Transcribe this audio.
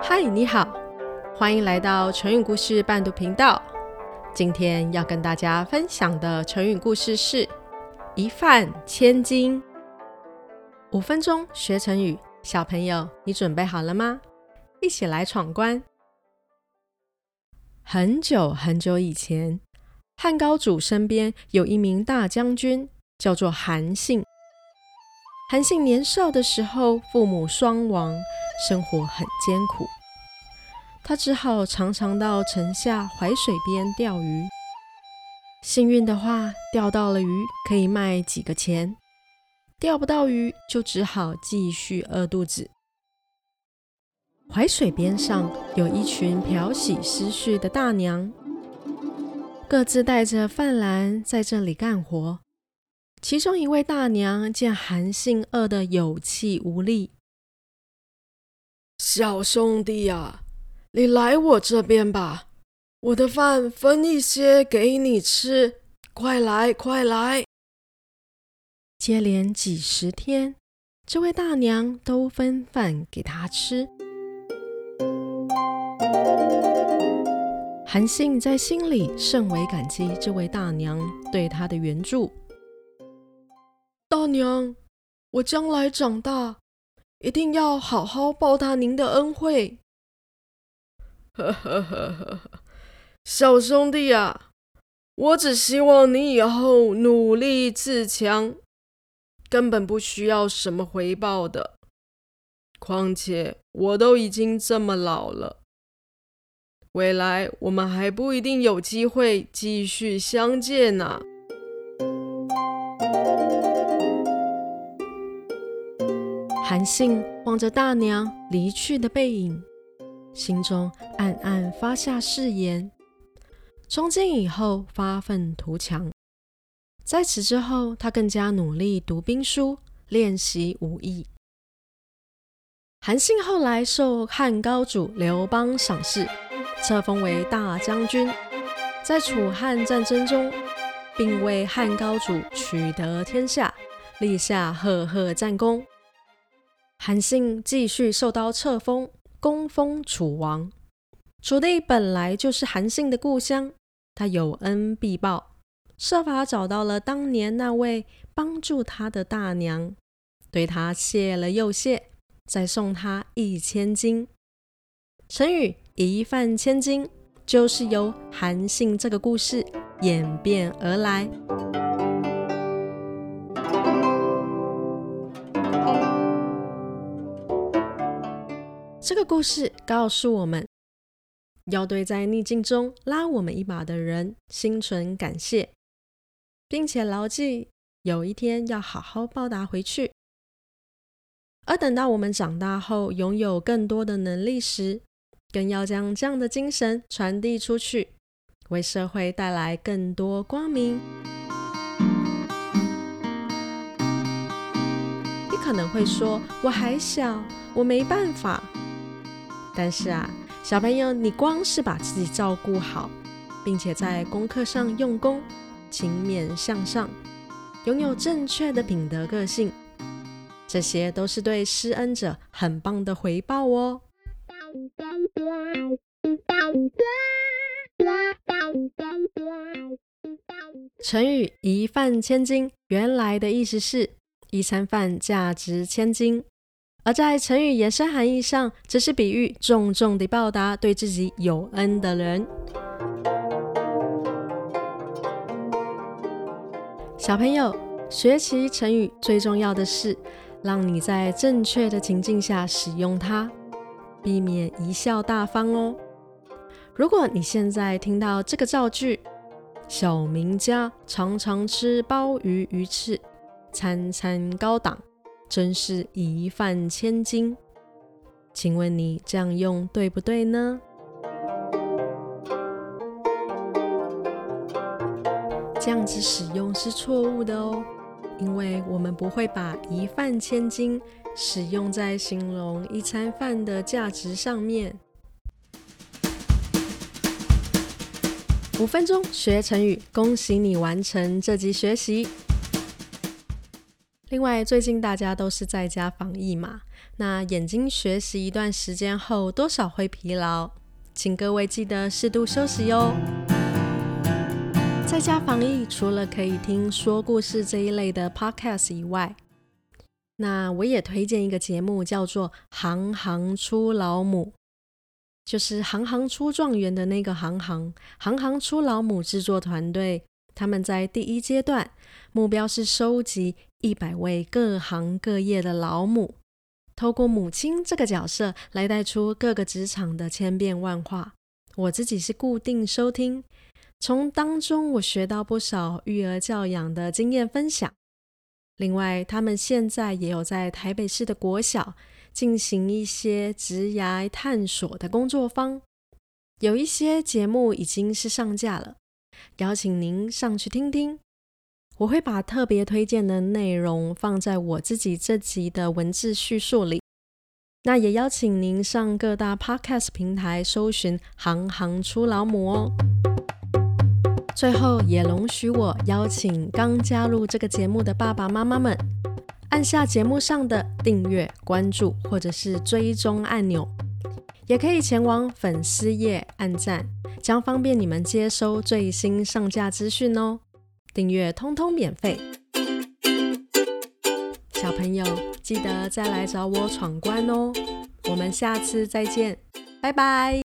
嗨，你好，歡迎來到成語故事伴讀頻道。今天要跟大家分享的成語故事是“一飯千金”。五分鐘學成語，小朋友，你準備好了嗎？一起來闖關。很久很久以前，漢高祖身邊有一名大將軍，叫做韓信。韓信年少的時候，父母雙亡。生活很艱苦，他只好常常到城下淮水邊釣魚。幸運的話，釣到了魚可以賣幾個錢；釣不到魚，就只好繼續餓肚子。淮水邊上有一群漂洗絲絮的大娘，各自帶着飯籃在這裡幹活。其中一位大娘見韓信餓得有氣無力。小兄弟呀、啊，你來我這邊吧，我的飯分一些給你吃，快來快來！接連幾十天，這位大娘都分飯給他吃。韓信在心裡甚為感激這位大娘對他的援助。大娘，我將來長大，一定要好好報答您的恩惠。呵呵呵呵呵，小兄弟啊，我只希望你以後努力自強，根本不需要什麼回報的。況且我都已經這麼老了，未來我們還不一定有機會繼續相見呢、啊。韓信望着大娘離去的背影，心中暗暗發下誓言：從今以後發憤圖強。在此之後，他更加努力讀兵書，練習武藝。韓信後來受漢高祖劉邦賞識，冊封為大將軍，在楚漢戰爭中，並為漢高祖取得天下，立下赫赫戰功。韓信繼續受到冊封，供封楚王。楚地本來就是韓信的故鄉，他有恩必報，設法找到了當年那位幫助他的大娘，對他謝了又謝，再送他一千金。成語“一飯千金”就是由韓信這個故事演變而來。這個故事告訴我們，要對在逆境中拉我們一把的人心存感謝，並且牢記有一天要好好報答回去。而等到我們長大後，擁有更多的能力時，更要將這樣的精神傳遞出去，為社會帶來更多光明。你可能會說：“我還小，我沒辦法。”但是啊，小朋友，你光是把自己照顧好，並且在功課上用功、勤勉向上，擁有正確的品德個性，這些都是對施恩者很棒的回報哦。成語“一飯千金”原來的意思是一餐飯價值千金。而在成語延伸含義上，只是比喻重重的報答對自己有恩的人。小朋友學習成語最重要的是，讓你在正確的情境下使用它，避免貽笑大方哦。如果你現在聽到這個造句，小明家常常吃鮑魚魚翅，餐餐高檔。真是一飯千金，請問你這樣用對不對呢？這樣子使用是錯誤的哦，因為我們不會把“一飯千金”使用在形容一餐飯的價值上面。五分鐘學成語，恭喜你完成這集學習。另外，最近大家都是在家防疫嘛，那眼睛學習一段時間後，多少會疲勞，請各位記得適度休息喲。在家防疫，除了可以聽說故事這一類的 podcast 以外，那我也推薦一個節目，叫做《行行出老母》，就是“行行出狀元”的那個“行行，行行出老母”制作團隊。他們在第一階段目標是收集一百位各行各業的老母，透過母親這個角色來帶出各個職場的千變萬化。我自己是固定收聽，從當中我學到不少育兒教養的經驗分享。另外，他們現在也有在台北市的國小進行一些職涯探索的工作坊，有一些節目已經是上架了。邀請您上去聽聽，我會把特別推薦的內容放在我自己這集的文字敘述裡。那也邀請您上各大 Podcast 平台搜尋《行行出老母》哦。最後也容許我邀請剛加入這個節目的爸爸媽媽們，按下節目上的訂閱、關注或者是追蹤按鈕。也可以前往粉絲頁按贊，將方便你們接收最新上架資訊哦。訂閱通通免費。小朋友，記得再來找我闖關哦。我們下次再見，拜拜。